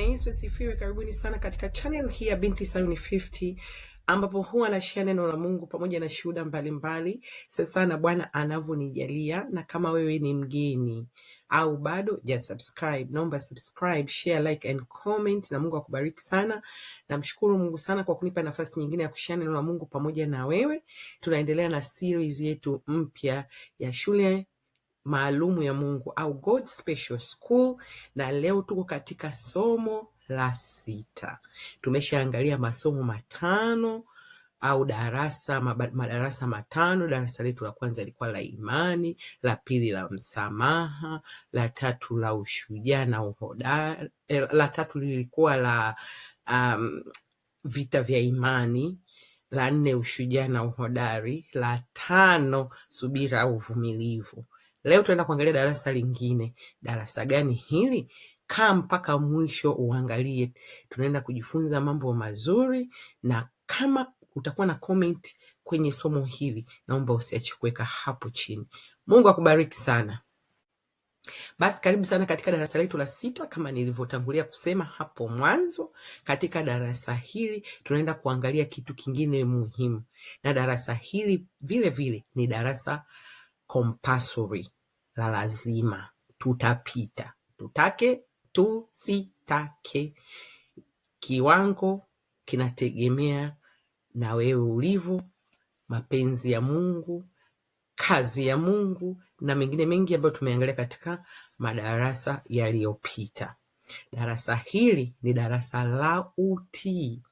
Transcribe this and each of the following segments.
Bwana Yesu asifiwe. Karibuni sana katika channel hii ya Binti Sayuni 50 ambapo huwa anashia neno la Mungu pamoja na shuhuda mbalimbali, sasa na Bwana anavyonijalia. Na kama wewe ni mgeni au bado ja subscribe, naomba subscribe, share, like and comment, na Mungu akubariki sana. Namshukuru Mungu sana kwa kunipa nafasi nyingine ya kushia neno la Mungu pamoja na wewe. Tunaendelea na series yetu mpya ya shule maalumu ya Mungu au God's Special School, na leo tuko katika somo la sita. Tumeshaangalia masomo matano au darasa madarasa matano. Darasa letu la kwanza ilikuwa la imani, la pili la msamaha, la tatu la ushujaa na uhodari, eh, la tatu lilikuwa la um, vita vya imani, la nne ushujaa na uhodari, la tano subira au uvumilivu. Leo tunaenda kuangalia darasa lingine. Darasa gani hili? Kaa mpaka mwisho uangalie, tunaenda kujifunza mambo mazuri, na kama utakuwa na comment kwenye somo hili, naomba usiache kuweka hapo chini. Mungu akubariki sana. Basi karibu sana katika darasa letu la sita, kama nilivyotangulia kusema hapo mwanzo. Katika darasa hili tunaenda kuangalia kitu kingine muhimu, na darasa hili vile vile ni darasa compulsory la lazima tutapita tutake tusitake kiwango kinategemea na wewe ulivo mapenzi ya mungu kazi ya mungu na mengine mengi ambayo tumeangalia katika madarasa yaliyopita darasa hili ni darasa la utii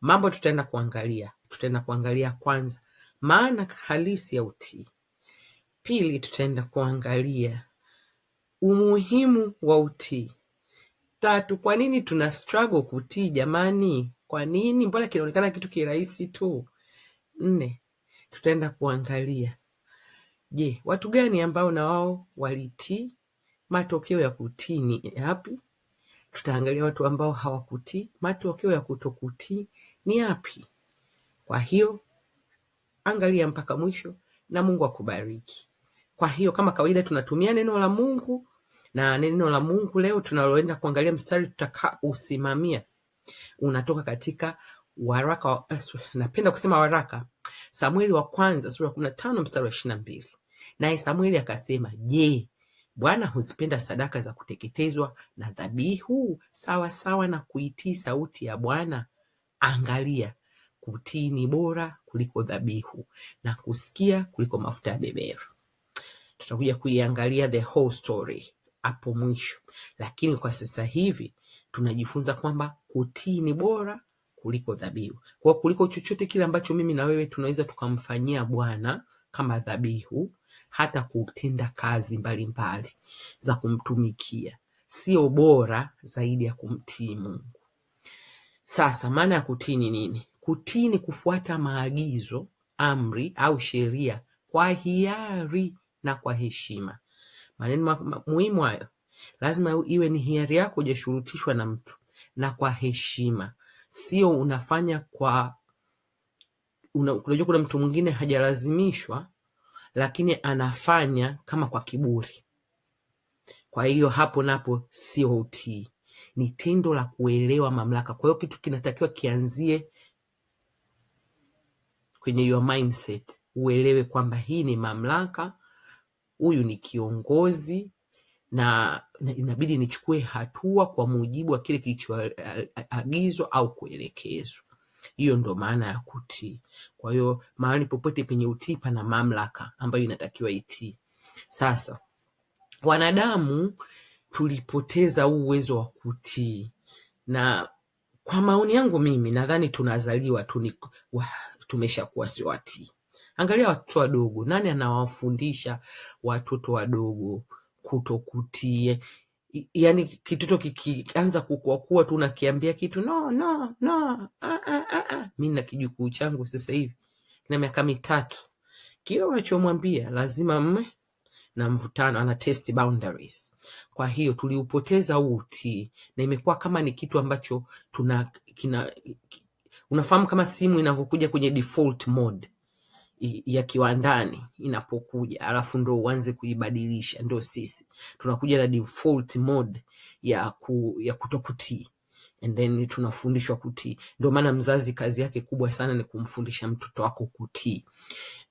mambo tutaenda kuangalia tutaenda kuangalia kwanza maana halisi ya utii Pili, tutaenda kuangalia umuhimu wa utii. Tatu, kwa nini tuna struggle kutii jamani? Kwa nini? Mbona kinaonekana kitu kirahisi tu? Nne, tutaenda kuangalia je, watu gani ambao na wao walitii, matokeo ya kutii ni yapi? Tutaangalia watu ambao hawakutii, matokeo ya kutokutii ni yapi? Kwa hiyo angalia mpaka mwisho na Mungu akubariki. Kwa hiyo kama kawaida tunatumia neno la Mungu na neno la Mungu leo tunaloenda kuangalia mstari tutakaosimamia unatoka katika waraka wa, eh, napenda kusema waraka Samueli wa kwanza sura ya kumi na tano mstari wa ishirini na mbili naye Samueli akasema, je, Bwana huzipenda sadaka za kuteketezwa na dhabihu sawa sawa na kuitii sauti ya Bwana? Angalia, kutii ni bora kuliko dhabihu na kusikia kuliko mafuta ya beberu tutakuja kuiangalia the whole story hapo mwisho, lakini kwa sasa hivi tunajifunza kwamba kutii ni bora kuliko dhabihu, kwa kuliko chochote kile ambacho mimi na wewe tunaweza tukamfanyia Bwana kama dhabihu, hata kutenda kazi mbalimbali mbali za kumtumikia sio bora zaidi ya kumtii Mungu. Sasa maana ya kutii ni nini? Kutii ni kufuata maagizo, amri au sheria kwa hiari na kwa heshima. Maneno muhimu hayo, lazima iwe ni hiari yako, hujashurutishwa na mtu, na kwa heshima, sio unafanya kwa unajua kuna mtu mwingine hajalazimishwa, lakini anafanya kama kwa kiburi. Kwa hiyo hapo napo sio utii, ni tendo la kuelewa mamlaka. Kwa hiyo kitu kinatakiwa kianzie kwenye your mindset, uelewe kwamba hii ni mamlaka huyu ni kiongozi na inabidi nichukue hatua kwa mujibu wa kile kilichoagizwa au kuelekezwa. Hiyo ndo maana ya kutii. Kwa hiyo mahali popote penye utii pana mamlaka ambayo inatakiwa itii. Sasa wanadamu tulipoteza huu uwezo wa kutii, na kwa maoni yangu mimi nadhani tunazaliwa tu tumeshakuwa si watii. Angalia watoto wadogo, nani anawafundisha watoto wadogo kutokutie yaani kitoto kikianza kukuakua tu unakiambia kitu no no no ah, ah, ah, ah. mi na kijukuu changu sasa hivi na miaka mitatu kila unachomwambia lazima mme na mvutano ana test boundaries kwa hiyo tuliupoteza huu utii na imekuwa kama ni kitu ambacho tuna kina unafahamu kama simu inavyokuja kwenye default mode ya kiwandani inapokuja alafu ndo uanze kuibadilisha, ndo sisi tunakuja na default mode ya, ku, ya kutokutii and then tunafundishwa kutii. Ndio maana mzazi kazi yake kubwa sana ni kumfundisha mtoto wako kutii.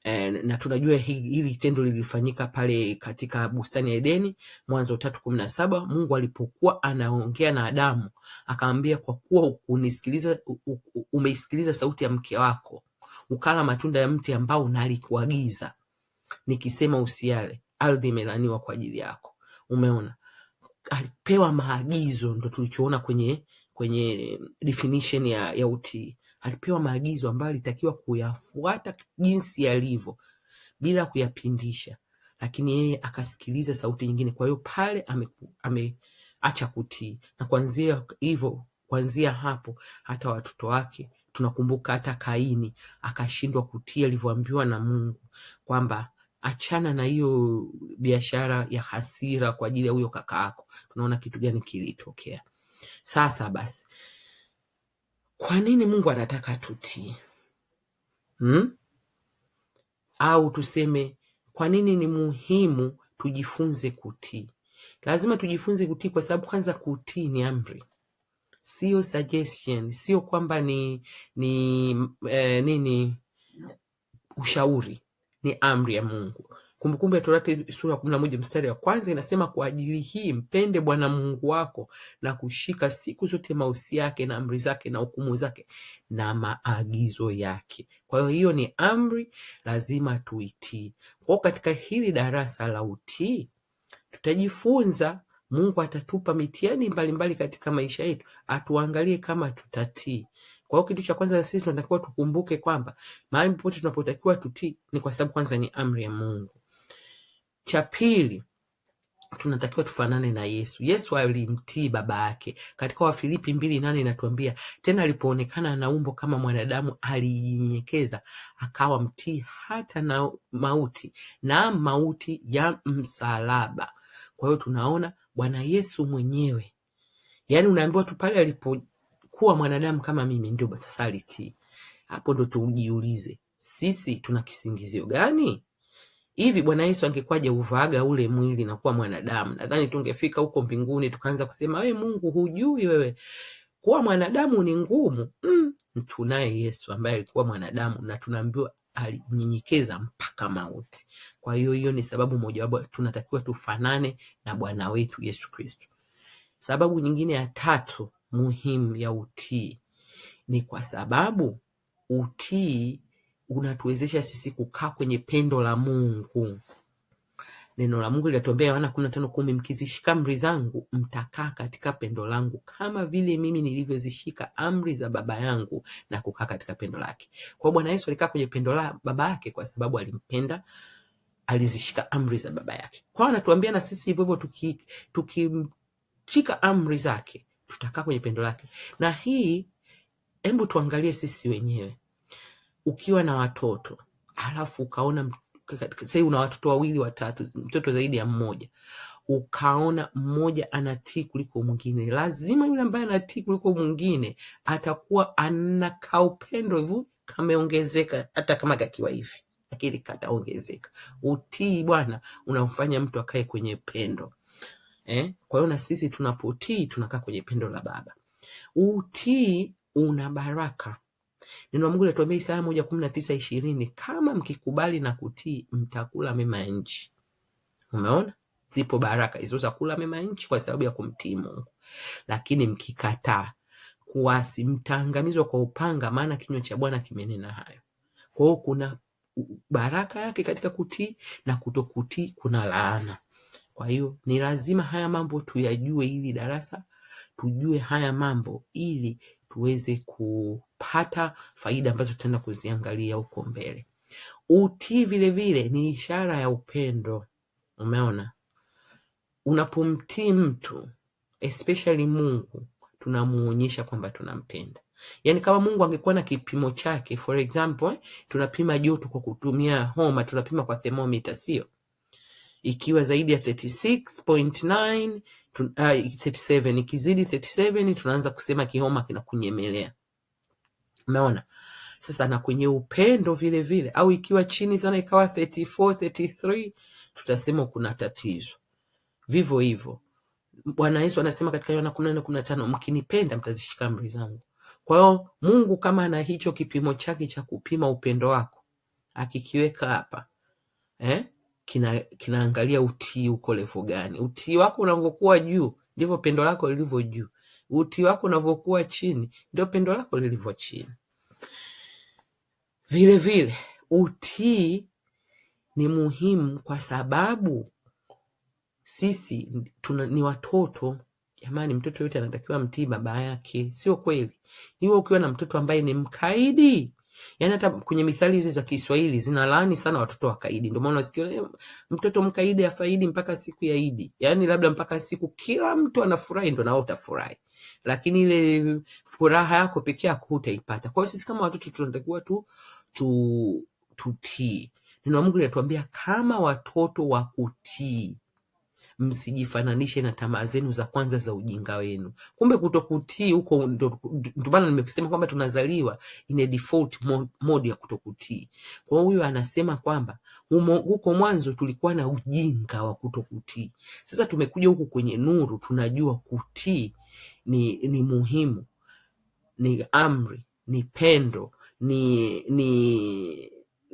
Eh, na tunajua hili tendo lilifanyika pale katika bustani ya Edeni, Mwanzo tatu kumi na saba. Mungu alipokuwa anaongea na Adamu akamwambia, kwa kuwa umeisikiliza sauti ya mke wako ukala matunda ya mti ambao nalikuagiza nikisema usiale, ardhi imelaniwa kwa ajili yako. Umeona, alipewa maagizo, ndo tulichoona kwenye kwenye definition ya, ya utii. Alipewa maagizo ambayo alitakiwa kuyafuata jinsi yalivyo bila kuyapindisha, lakini yeye akasikiliza sauti nyingine. Kwa hiyo pale ameacha kutii, na kuanzia hivyo, kuanzia hapo hata watoto wake Tunakumbuka hata Kaini akashindwa kutii alivyoambiwa na Mungu kwamba achana na hiyo biashara ya hasira kwa ajili ya huyo kaka yako. Tunaona kitu gani kilitokea. Sasa basi, kwa nini Mungu anataka tutii hmm? Au tuseme kwa nini ni muhimu tujifunze kutii? Lazima tujifunze kutii, kwa sababu kwanza, kutii ni amri sio suggestion, sio kwamba ni ni eh, nini ushauri, ni amri ya Mungu. Kumbukumbu ya Torati sura ya kumi na moja mstari wa kwanza inasema, kwa ajili hii mpende Bwana Mungu wako na kushika siku zote mausi yake na amri zake na hukumu zake na maagizo yake. Kwa hiyo hiyo ni amri, lazima tuitii. Kwa katika hili darasa la utii tutajifunza Mungu atatupa mitihani mbalimbali katika maisha yetu, atuangalie kama tutatii. Kwa hiyo kitu cha kwanza sisi tunatakiwa tukumbuke kwamba mahali popote tunapotakiwa tutii ni kwa sababu kwanza ni amri ya Mungu. Cha pili tunatakiwa tufanane na Yesu. Yesu alimtii baba yake. Katika Wafilipi mbili nane inatuambia tena, alipoonekana na umbo kama mwanadamu, alijinyenyekeza akawa mtii hata na mauti, na mauti ya msalaba. Kwa hiyo tunaona Bwana Yesu mwenyewe. Yaani unaambiwa tu pale alipokuwa mwanadamu kama mimi, ndio sasa alitii. Hapo ndo tujiulize sisi tuna kisingizio gani? Hivi Bwana Yesu angekwaje uvaaga ule mwili na kuwa mwanadamu? Nadhani tungefika huko mbinguni tukaanza kusema we Mungu hujui wewe, kuwa mwanadamu ni ngumu. Mm, tunaye Yesu ambaye alikuwa mwanadamu na tunaambiwa alinyenyekeza mpaka mauti. Kwa hiyo hiyo ni sababu mojawapo, tunatakiwa tufanane na Bwana wetu Yesu Kristo. Sababu nyingine ya tatu muhimu ya utii ni kwa sababu utii unatuwezesha sisi kukaa kwenye pendo la Mungu. Neno la Mungu linatuambia Yohana 15:10, mkizishika amri zangu mtakaa katika pendo langu kama vile mimi nilivyozishika amri za Baba yangu na kukaa katika pendo lake. Kwa Bwana Yesu alikaa kwenye pendo la Baba yake kwa sababu alimpenda, alizishika amri za Baba yake. Kwa hiyo anatuambia na sisi hivyo hivyo, tukishika amri zake tutakaa kwenye pendo lake. Na hii, hebu tuangalie sisi wenyewe, ukiwa na watoto alafu ukaona sasa una watoto wawili watatu, mtoto zaidi ya mmoja, ukaona mmoja anatii kuliko mwingine, lazima yule ambaye anatii kuliko mwingine atakuwa ana kaupendo hivyo kameongezeka, hata kama kakiwa hivi, lakini kataongezeka. Utii bwana unamfanya mtu akae kwenye pendo eh? Kwa hiyo na sisi tunapotii tunakaa kwenye pendo la Baba. Utii una baraka Neno la Mungu linatuambia Isaya moja kumi na tisa ishirini kama mkikubali na kutii mtakula mema ya nchi. Umeona, zipo baraka hizo za kula mema ya nchi kwa sababu ya kumtii Mungu, lakini mkikataa kuasi, mtaangamizwa kwa upanga, maana kinywa cha Bwana kimenena hayo. Kwa hiyo kuna baraka yake katika kutii na kutokutii kuna laana. Kwa hiyo ni lazima haya mambo tuyajue, ili darasa tujue haya mambo ili tuweze kupata faida ambazo tutaenda kuziangalia huko mbele. Utii vile vile ni ishara ya upendo. Umeona, unapomtii mtu especially Mungu tunamuonyesha kwamba tunampenda. Yaani kama Mungu angekuwa na kipimo chake, for example eh, tunapima joto kwa kutumia homa, tunapima kwa thermometer, sio ikiwa zaidi ya 36.9 tun, 37 ikizidi 37 tunaanza kusema kihoma kinakunyemelea. Umeona? Sasa na kwenye upendo vile vile, au ikiwa chini sana ikawa 34 33, tutasema kuna tatizo. Vivyo hivyo Bwana Yesu anasema katika Yohana 14:15, mkinipenda mtazishika amri zangu. Kwa hiyo Mungu kama ana hicho kipimo chake cha kupima upendo wako akikiweka hapa eh? kina, kinaangalia utii uko levo gani. Utii wako unavyokuwa juu ndivyo pendo lako lilivyo juu, utii wako unavyokuwa chini ndio pendo lako lilivyo chini. Vile vile utii ni muhimu kwa sababu sisi tuna, ni watoto jamani. Mtoto yote anatakiwa mtii baba yake, sio kweli? Hiyo ukiwa na mtoto ambaye ni mkaidi Yaani hata kwenye mithali hizi za Kiswahili zinalaani sana watoto wakaidi. Ndio maana unasikia eh, mtoto mkaidi afaidi mpaka siku ya Idi, yaani labda mpaka siku kila mtu anafurahi, ndio nao utafurahi, lakini ile furaha yako pekee yako hutaipata. Kwa hiyo sisi kama watoto tunatakiwa tu, tu tutii neno la Mungu linatuambia kama watoto wa kutii msijifananishe na tamaa zenu za kwanza za ujinga wenu. Kumbe kutokutii huko, ndio maana kwamba tunazaliwa in a default mode ya kutokutii. Kwa huyo anasema kwamba huko mwanzo tulikuwa na ujinga wa kutokutii, sasa tumekuja huku kwenye nuru, tunajua kutii ni, ni muhimu, ni amri, ni pendo, ni ni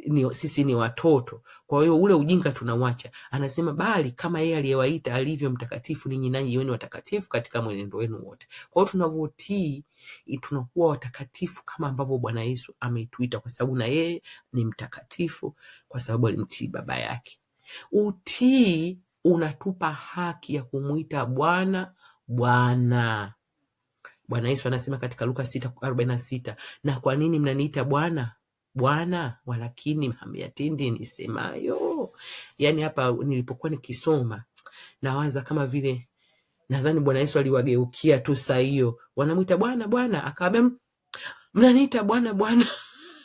ni, sisi ni watoto, kwa hiyo ule ujinga tunawacha Anasema bali kama yeye aliyewaita alivyo mtakatifu, ninyi nanyi iweni watakatifu katika mwenendo wenu wote. Kwa hiyo tunavyotii tunakuwa watakatifu kama ambavyo Bwana Yesu ametuita, kwa sababu na yeye ni mtakatifu, kwa sababu alimtii baba yake. Utii unatupa haki ya kumwita Bwana Bwana. Bwana Yesu anasema katika Luka 6:46 na kwa nini mnaniita Bwana Bwana walakini hamyatindi nisemayo. Yaani hapa nilipokuwa nikisoma nawaza kama vile nadhani Bwana Yesu aliwageukia tu saa hiyo, wanamwita Bwana Bwana, akawaambia mnaniita Bwana Bwana,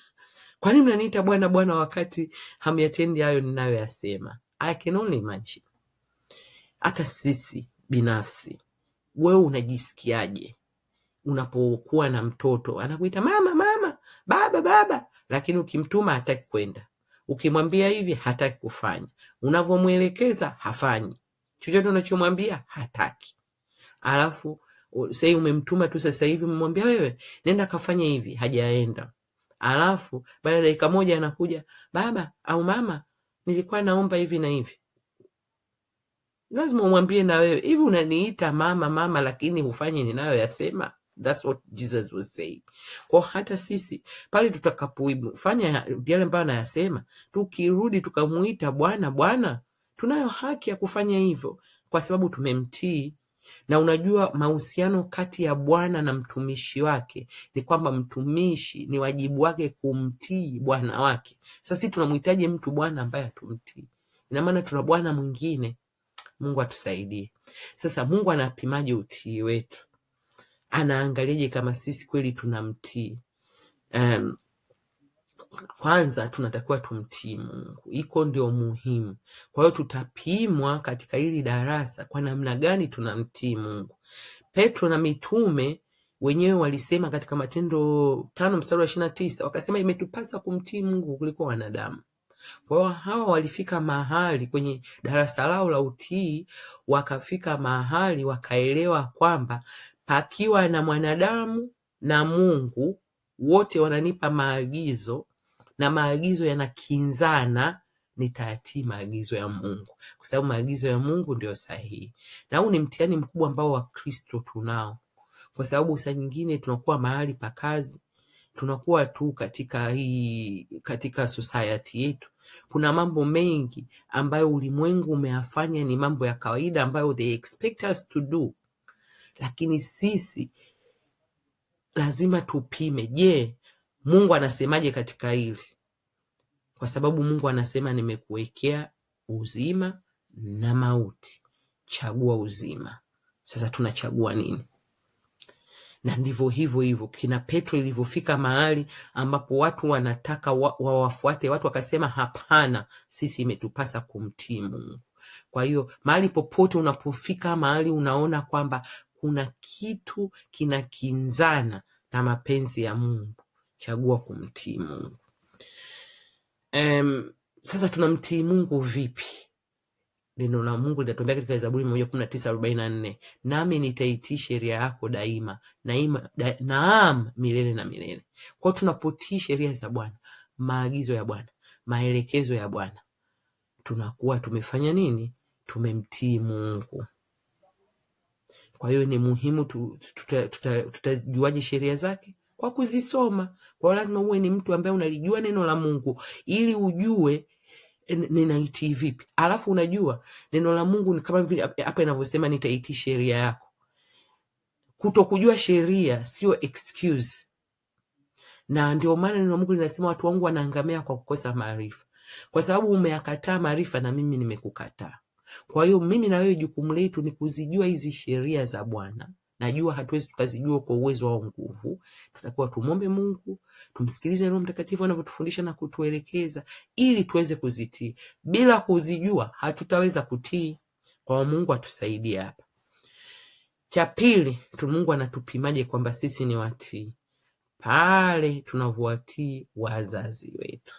kwa nini mnaniita Bwana Bwana wakati hamyatendi hayo ninayoyasema? I can only imagine. Hata sisi binafsi, wewe unajisikiaje unapokuwa na mtoto anakuita mama mama, baba baba, lakini ukimtuma hataki kwenda, ukimwambia hivi hataki kufanya, unavyomwelekeza hafanyi, chochote unachomwambia hataki. Alafu sei umemtuma tu sasa hivi, umemwambia wewe nenda kafanya hivi, hajaenda. Alafu baada ya dakika moja anakuja, baba au mama, nilikuwa naomba hivi na hivi. Lazima umwambie na wewe hivi, unaniita mama mama, lakini hufanyi ninayo yasema. That's what Jesus was saying. Kwa hata sisi pale tutakapofanya yale ambayo anayasema, tukirudi tukamuita Bwana, Bwana, tunayo haki ya kufanya hivyo kwa sababu tumemtii. Na unajua mahusiano kati ya Bwana na mtumishi wake ni kwamba mtumishi ni wajibu wake kumtii bwana wake. Sasa tunamhitaji mtu bwana ambaye hatumtii, ina maana tuna bwana mwingine. Mungu atusaidie. Sasa Mungu anapimaje utii wetu? anaangaliaje kama sisi kweli tunamtii? Um, kwanza tunatakiwa tumtii Mungu, iko ndio muhimu. Kwa hiyo tutapimwa katika hili darasa kwa namna gani tunamtii Mungu. Petro na mitume wenyewe walisema katika Matendo tano mstari wa na tisa wakasema imetupasa kumtii Mungu kuliko wanadamu. Kwa hiyo hawa walifika mahali kwenye darasa lao la utii, wakafika mahali wakaelewa kwamba pakiwa na mwanadamu na Mungu wote wananipa maagizo na maagizo yanakinzana, nitayatii maagizo ya Mungu kwa sababu maagizo ya Mungu ndio sahihi. Na huu ni mtihani mkubwa ambao Wakristo tunao, kwa sababu saa nyingine tunakuwa mahali pa kazi, tunakuwa tu katika hii katika society yetu, kuna mambo mengi ambayo ulimwengu umeyafanya ni mambo ya kawaida ambayo they expect us to do lakini sisi lazima tupime, je, Mungu anasemaje katika hili? Kwa sababu Mungu anasema nimekuwekea uzima na mauti, chagua uzima. Sasa tunachagua nini? Na ndivyo hivyo hivyo kina Petro ilivyofika mahali ambapo watu wanataka wawafuate wa watu wakasema, hapana, sisi imetupasa kumtii Mungu. Kwa hiyo mahali popote unapofika mahali unaona kwamba kuna kitu kinakinzana na mapenzi ya Mungu, chagua kumtii Mungu. Um, sasa tunamtii Mungu vipi? Neno la Mungu linatuambia katika Zaburi moja kumi na tisa arobaini na nne nami nitaitii sheria yako daima naima, da, naam milele na milele. Kwao tunapotii sheria za Bwana, maagizo ya Bwana, maelekezo ya Bwana, tunakuwa tumefanya nini? Tumemtii Mungu. Kwa hiyo ni muhimu tutajuaje tuta, tuta, tuta sheria zake? Kwa kuzisoma. kwao lazima uwe ni mtu ambaye unalijua neno la Mungu ili ujue ninaitii vipi. Alafu unajua neno la Mungu ni kama vile hapa inavyosema nitaitii sheria yako. kuto kujua sheria sio excuse, na ndio maana neno la Mungu linasema watu wangu wanaangamia kwa kukosa maarifa, kwa sababu umeyakataa maarifa, na mimi nimekukataa. Kwa hiyo mimi na wewe jukumu letu ni kuzijua hizi sheria za Bwana. Najua hatuwezi tukazijua kwa uwezo au nguvu. Tutakuwa tumombe Mungu, tumsikilize Roho Mtakatifu anavyotufundisha na kutuelekeza ili tuweze kuzitii. Bila kuzijua hatutaweza kutii. Kwa Mungu atusaidie hapa. Cha pili, Mungu anatupimaje kwamba sisi ni watii? Pale tunavyowatii wazazi wetu.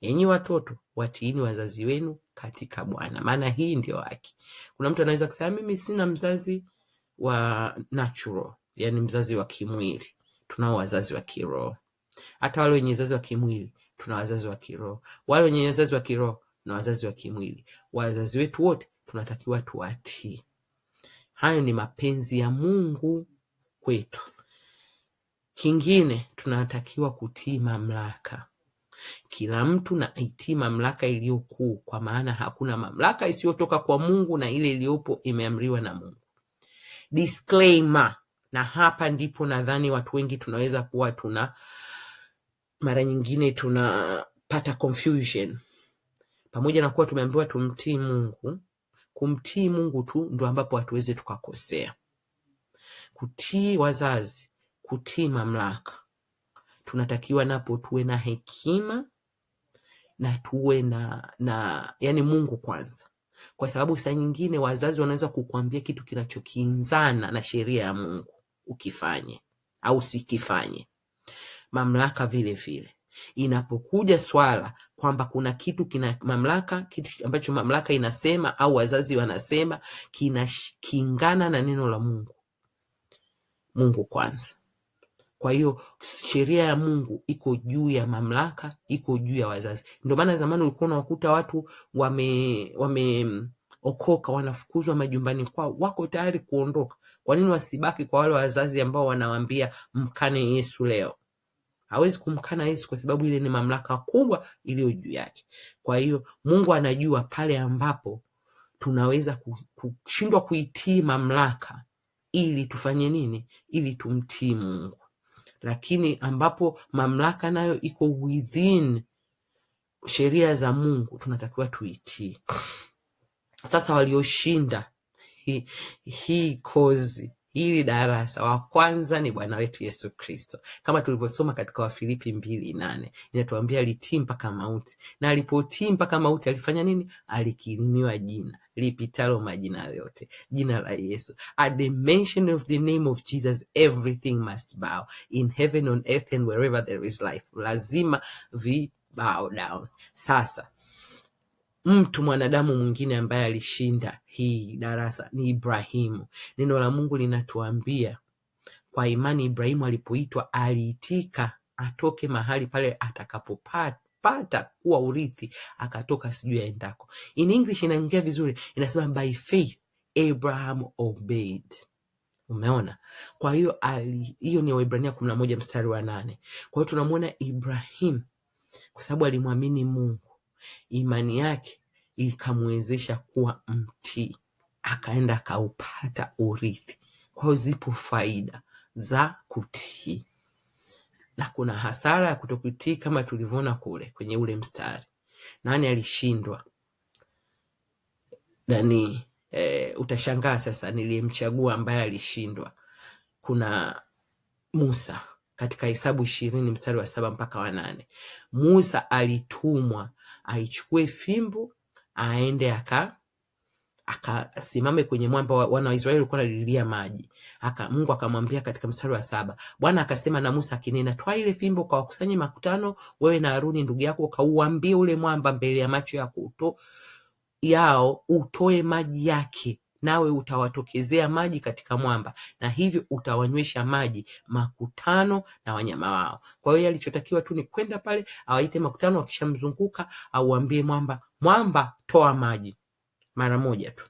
Enyi watoto, watiini wazazi wenu katika Bwana, maana hii ndio haki. Kuna mtu anaweza kusema mimi sina mzazi wa natural, yani mzazi wa kimwili. Tunao wazazi wa kiroho. Hata wale wenye wazazi wa kimwili tuna wazazi wa kiroho, wale wenye wazazi wa kiroho na wazazi wa kimwili. Wazazi wetu wote tunatakiwa tuwatii. Hayo ni mapenzi ya Mungu kwetu. Kingine tunatakiwa kutii mamlaka. Kila mtu na aitii mamlaka iliyo kuu, kwa maana hakuna mamlaka isiyotoka kwa Mungu, na ile iliyopo imeamriwa na Mungu. Disclaimer, na hapa ndipo nadhani watu wengi tunaweza kuwa tuna mara nyingine tunapata confusion. Pamoja na kuwa tumeambiwa tumtii Mungu, kumtii Mungu tu ndo ambapo hatuweze tukakosea. Kutii wazazi, kutii mamlaka tunatakiwa napo tuwe na hekima na tuwe na na yani Mungu kwanza, kwa sababu saa nyingine wazazi wanaweza kukuambia kitu kinachokinzana na sheria ya Mungu ukifanye au sikifanye. Mamlaka vile vile inapokuja swala kwamba kuna kitu kina mamlaka, kitu ambacho mamlaka inasema au wazazi wanasema kinakingana na neno la Mungu, Mungu kwanza. Kwa hiyo sheria ya Mungu iko juu ya mamlaka, iko juu ya wazazi. Ndio maana zamani ulikuwa unawakuta watu wame wameokoka, mm, wanafukuzwa majumbani kwao, wako tayari kuondoka. Kwa nini wasibaki kwa wale wazazi ambao wanawaambia mkane Yesu leo? Hawezi kumkana Yesu kwa sababu ile ni mamlaka kubwa iliyo juu yake. Kwa hiyo Mungu anajua pale ambapo tunaweza kushindwa kuitii mamlaka ili tufanye nini? Ili tumtii Mungu lakini ambapo mamlaka nayo iko within sheria za Mungu tunatakiwa tuitii. Sasa walioshinda hii hi kozi hili darasa, wa kwanza ni Bwana wetu Yesu Kristo, kama tulivyosoma katika Wafilipi mbili nane inatuambia alitii mpaka mauti, na alipotii mpaka mauti alifanya nini? Alikirimiwa jina lipitalo majina yote, jina la Yesu. At the mention of the name of Jesus everything must bow in heaven on earth and wherever there is life, lazima vi bow down. Sasa mtu mwanadamu mwingine ambaye alishinda hii darasa ni Ibrahimu. Neno la Mungu linatuambia kwa imani Ibrahimu alipoitwa aliitika atoke mahali pale atakapopata kuwa urithi, akatoka sijui aendako. In English inaongea vizuri, inasema by faith Abraham obeyed. Umeona? Kwa hiyo hiyo ni Waebrania kumi na moja mstari wa nane. Kwa hiyo tunamwona Ibrahim kwa sababu alimwamini Mungu Imani yake ikamwezesha kuwa mtii, akaenda akaupata urithi. Kwa zipo faida za kutii na kuna hasara ya kutokutii, kama tulivyoona kule kwenye ule mstari. Nani alishindwa? Nani? E, utashangaa sasa, niliyemchagua ambaye alishindwa. Kuna Musa katika Hesabu ishirini mstari wa saba mpaka wa nane. Musa alitumwa aichukue fimbo aende aka akasimame kwenye mwamba. Wana wa Israeli walikuwa wanalilia maji aka, Mungu akamwambia katika mstari wa saba, Bwana akasema na Musa akinena, twa ile fimbo ukawakusanye makutano, wewe na Haruni ndugu yako, ukauambie ule mwamba mbele ya macho yako uto, yao utoe maji yake nawe utawatokezea maji katika mwamba, na hivyo utawanywesha maji makutano na wanyama wao. Kwa hiyo alichotakiwa tu ni kwenda pale, awaite makutano, akishamzunguka auambie mwamba, mwamba toa maji, mara moja tu.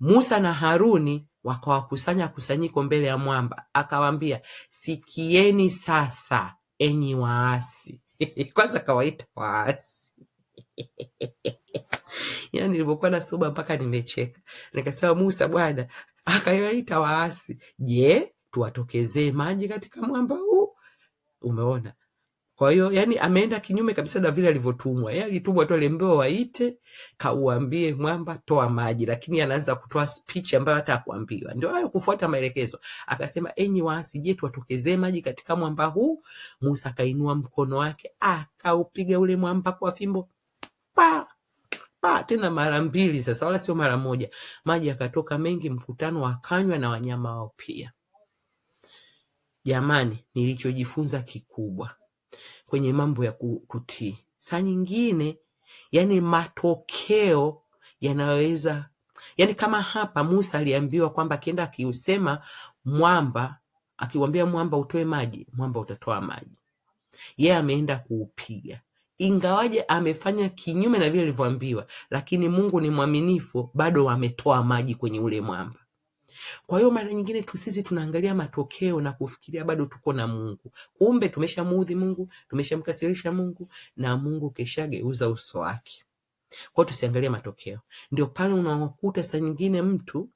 Musa na Haruni wakawakusanya kusanyiko mbele ya mwamba, akawaambia, sikieni sasa enyi waasi. Kwanza kawaita waasi Yaani nilivyokuwa na soba mpaka nimecheka, nikasema Musa bwana akawaita waasi, je, tuwatokezee maji katika mwamba huu? Umeona? Kwa hiyo yani ameenda kinyume kabisa na vile alivyotumwa. Yeye alitumwa tu, aliambiwa waite, kauambie mwamba toa maji, lakini anaanza kutoa speech ambayo hata hakuambiwa. Ndio hayo kufuata maelekezo. Akasema, enyi waasi, je, tuwatokezee maji katika mwamba huu? Musa akainua mkono wake, akaupiga ule mwamba kwa fimbo pa pa tena mara mbili sasa, wala sio mara moja. Maji yakatoka mengi, mkutano wakanywa na wanyama wao pia. Jamani, nilichojifunza kikubwa kwenye mambo ya kutii, saa nyingine yani matokeo yanaweza yani, kama hapa Musa aliambiwa kwamba akienda akiusema mwamba, akiwambia mwamba utoe maji, mwamba utatoa maji. Yeye ameenda kuupiga ingawaje amefanya kinyume na vile alivyoambiwa, lakini Mungu ni mwaminifu, bado ametoa maji kwenye ule mwamba. Kwa hiyo mara nyingine tu sisi tunaangalia matokeo na kufikiria bado tuko na Mungu, kumbe tumeshamuudhi Mungu, tumeshamkasirisha Mungu na Mungu keshageuza uso wake. Kwa hiyo tusiangalie matokeo. Ndio pale unaokuta saa nyingine mtu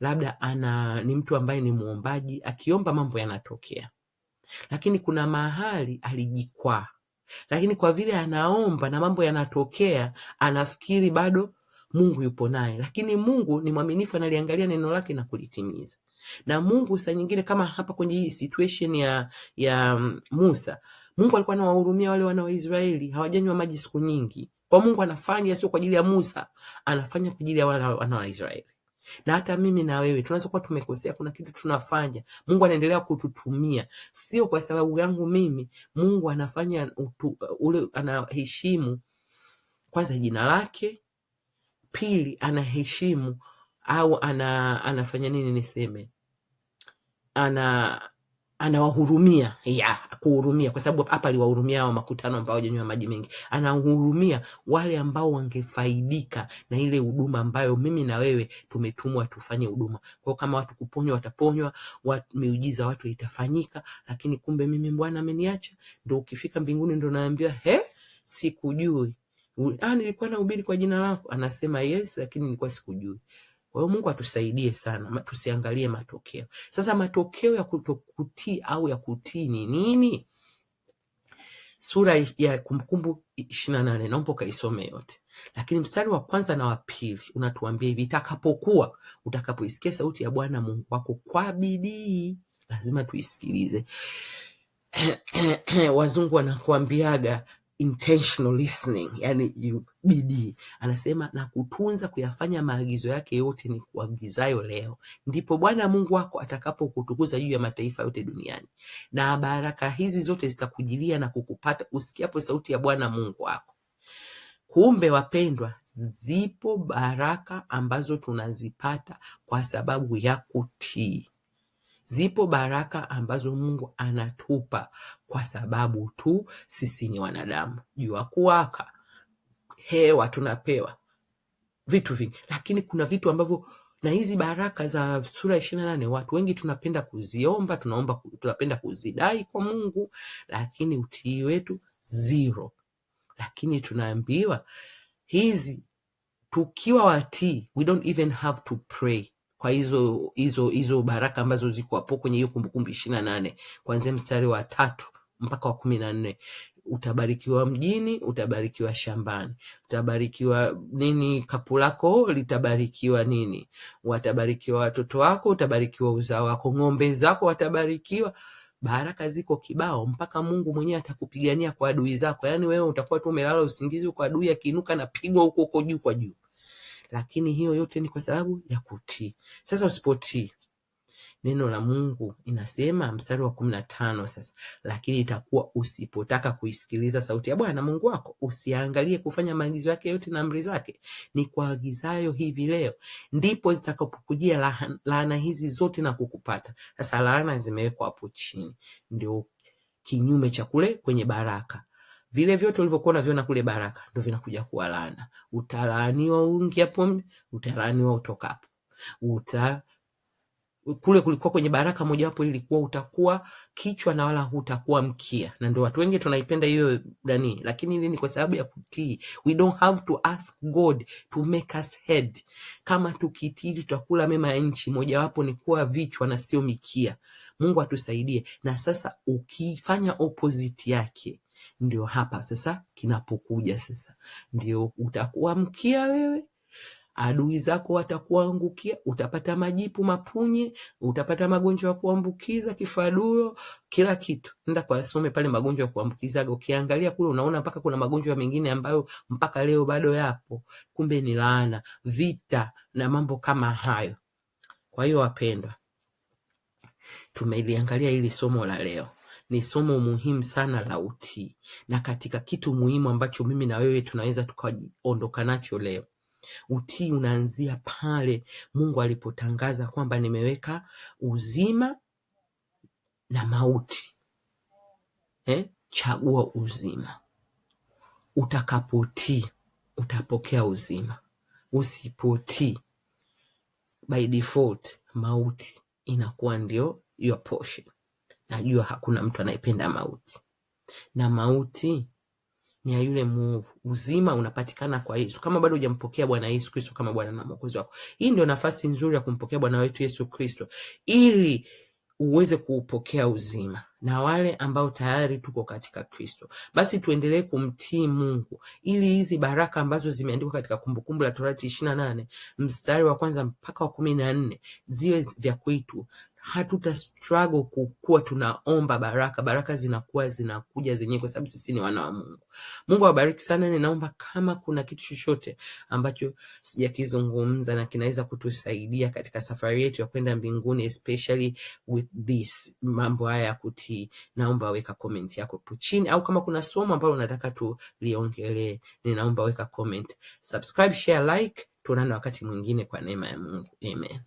labda ana ni mtu ambaye ni muombaji, akiomba mambo yanatokea, lakini kuna mahali alijikwaa lakini kwa vile anaomba na mambo yanatokea, anafikiri bado Mungu yupo naye. Lakini Mungu ni mwaminifu, analiangalia neno lake na kulitimiza. Na Mungu saa nyingine kama hapa kwenye hii situation ya ya mm, Musa, Mungu alikuwa anawahurumia wale wana wa Israeli, hawajanywa maji siku nyingi. Kwa Mungu anafanya sio kwa ajili ya Musa, anafanya kwa ajili ya wana wa Israeli na hata mimi na wewe tunaweza kuwa tumekosea, kuna kitu tunafanya, Mungu anaendelea kututumia, sio kwa sababu yangu mimi. Mungu anafanya utu, ule anaheshimu kwanza jina lake, pili anaheshimu au ana, anafanya nini niseme, ana anawahurumia ya kuhurumia, kwa sababu hapa aliwahurumia hao makutano ambao hawajanywa maji mengi. Anahurumia wale ambao wangefaidika na ile huduma ambayo mimi na wewe tumetumwa tufanye huduma kwao. Kama watu kuponywa, wataponywa miujiza watu itafanyika, lakini kumbe mimi Bwana ameniacha. Ndo ukifika mbinguni ndo naambiwa he, sikujui. Ah, nilikuwa nahubiri kwa jina lako. Anasema yes, lakini nilikuwa sikujui. Kwa hiyo Mungu atusaidie sana, tusiangalie matokeo. Sasa matokeo ya kutokutii au ya kutii ni nini? Sura ya Kumbukumbu ishirini na nane naomba ukaisome yote, lakini mstari wa kwanza na wa pili unatuambia hivi: itakapokuwa utakapoisikia sauti ya Bwana Mungu wako kwa bidii, lazima tuisikilize. Wazungu wanakuambiaga intentional listening, yani you- bidii. Anasema na kutunza kuyafanya maagizo yake yote ni kuagizayo leo, ndipo Bwana Mungu wako atakapokutukuza juu ya mataifa yote duniani, na baraka hizi zote zitakujilia na kukupata usikiapo sauti ya Bwana Mungu wako. Kumbe wapendwa, zipo baraka ambazo tunazipata kwa sababu ya kutii. Zipo baraka ambazo Mungu anatupa kwa sababu tu sisi ni wanadamu. Jua kuwaka, hewa tunapewa, vitu vingi, lakini kuna vitu ambavyo na hizi baraka za sura ya ishirini na nane watu wengi tunapenda kuziomba, tunaomba, tunapenda kuzidai kwa Mungu, lakini utii wetu zero. Lakini tunaambiwa hizi tukiwa watii, we don't even have to pray kwa hizo hizo hizo baraka ambazo ziko hapo kwenye hiyo Kumbukumbu ishirini na nane kuanzia mstari wa tatu mpaka wa kumi na nne Utabarikiwa mjini, utabarikiwa shambani, utabarikiwa nini, kapu lako litabarikiwa nini, watabarikiwa watoto wako, utabarikiwa uzao wako, ng'ombe zako watabarikiwa. Baraka ziko kibao, mpaka Mungu mwenyewe atakupigania kwa adui zako. Yani wewe utakuwa tu umelala usingizi, kwa adui akiinuka na pigwa huko huko juu kwa juu lakini hiyo yote ni kwa sababu ya kutii. Sasa usipotii neno la Mungu inasema mstari wa kumi na tano sasa, lakini itakuwa usipotaka kuisikiliza sauti ya Bwana Mungu wako, usiangalie kufanya maagizo yake yote na amri zake ni kuagizayo hivi leo, ndipo zitakapokujia laana hizi zote na kukupata. Sasa laana zimewekwa hapo chini, ndio kinyume cha kule kwenye baraka. Vile vyote ulivyokuwa unaviona kule baraka ndio vinakuja kuwa laana. Utalaaniwa uingiapo mle, utalaaniwa utokapo. Uta kule kulikuwa kwenye baraka mojawapo ilikuwa utakuwa kichwa na wala hutakuwa mkia, na ndio watu wengi tunaipenda hiyo nani, lakini ili ni kwa sababu ya kutii. We don't have to ask God to make us head. Kama tukitii tutakula mema ya nchi, mojawapo ni kuwa vichwa na sio mikia. Mungu atusaidie. Na sasa ukifanya opposite yake ndio hapa sasa kinapokuja sasa, ndio utakuwa mkia wewe, adui zako watakuangukia, utapata majipu, mapunye, utapata magonjwa ya kuambukiza, kifaduro, kila kitu. Nenda kwa asome pale magonjwa ya kuambukiza, ukiangalia kule unaona mpaka kuna magonjwa mengine ambayo mpaka leo bado yapo, kumbe ni laana, vita na mambo kama hayo. Kwa hiyo wapendwa, tumeliangalia hili somo la leo ni somo muhimu sana la utii, na katika kitu muhimu ambacho mimi na wewe tunaweza tukaondoka nacho leo Utii unaanzia pale Mungu alipotangaza kwamba nimeweka uzima na mauti eh? Chagua uzima. Utakapotii utapokea uzima, usipotii by default mauti inakuwa ndio your portion. Najua hakuna mtu anayependa mauti, na mauti ni ya yule mwovu. Uzima unapatikana kwa Yesu. Kama bado hujampokea Bwana Yesu Kristo kama Bwana na Mwokozi wako, hii ndio nafasi nzuri ya kumpokea Bwana wetu Yesu Kristo ili uweze kuupokea uzima. Na wale ambao tayari tuko katika Kristo, basi tuendelee kumtii Mungu ili hizi baraka ambazo zimeandikwa katika Kumbukumbu la Torati ishirini na nane mstari wa kwanza mpaka wa kumi na nne ziwe vya kwetu, hatuta struggle kukuwa tunaomba baraka. Baraka zinakuwa zinakuja zenyewe, kwa sababu sisi ni wana wa Mungu. Mungu awabariki sana. Ninaomba kama kuna kitu chochote ambacho sijakizungumza na kinaweza kutusaidia katika safari yetu ya kwenda mbinguni, especially with this mambo haya ya kutii, naomba weka comment yako hapo chini, au kama kuna somo ambalo unataka tuliongelee, ninaomba weka comment. Subscribe, share, like. Tuonane wakati mwingine kwa neema ya Mungu, amen.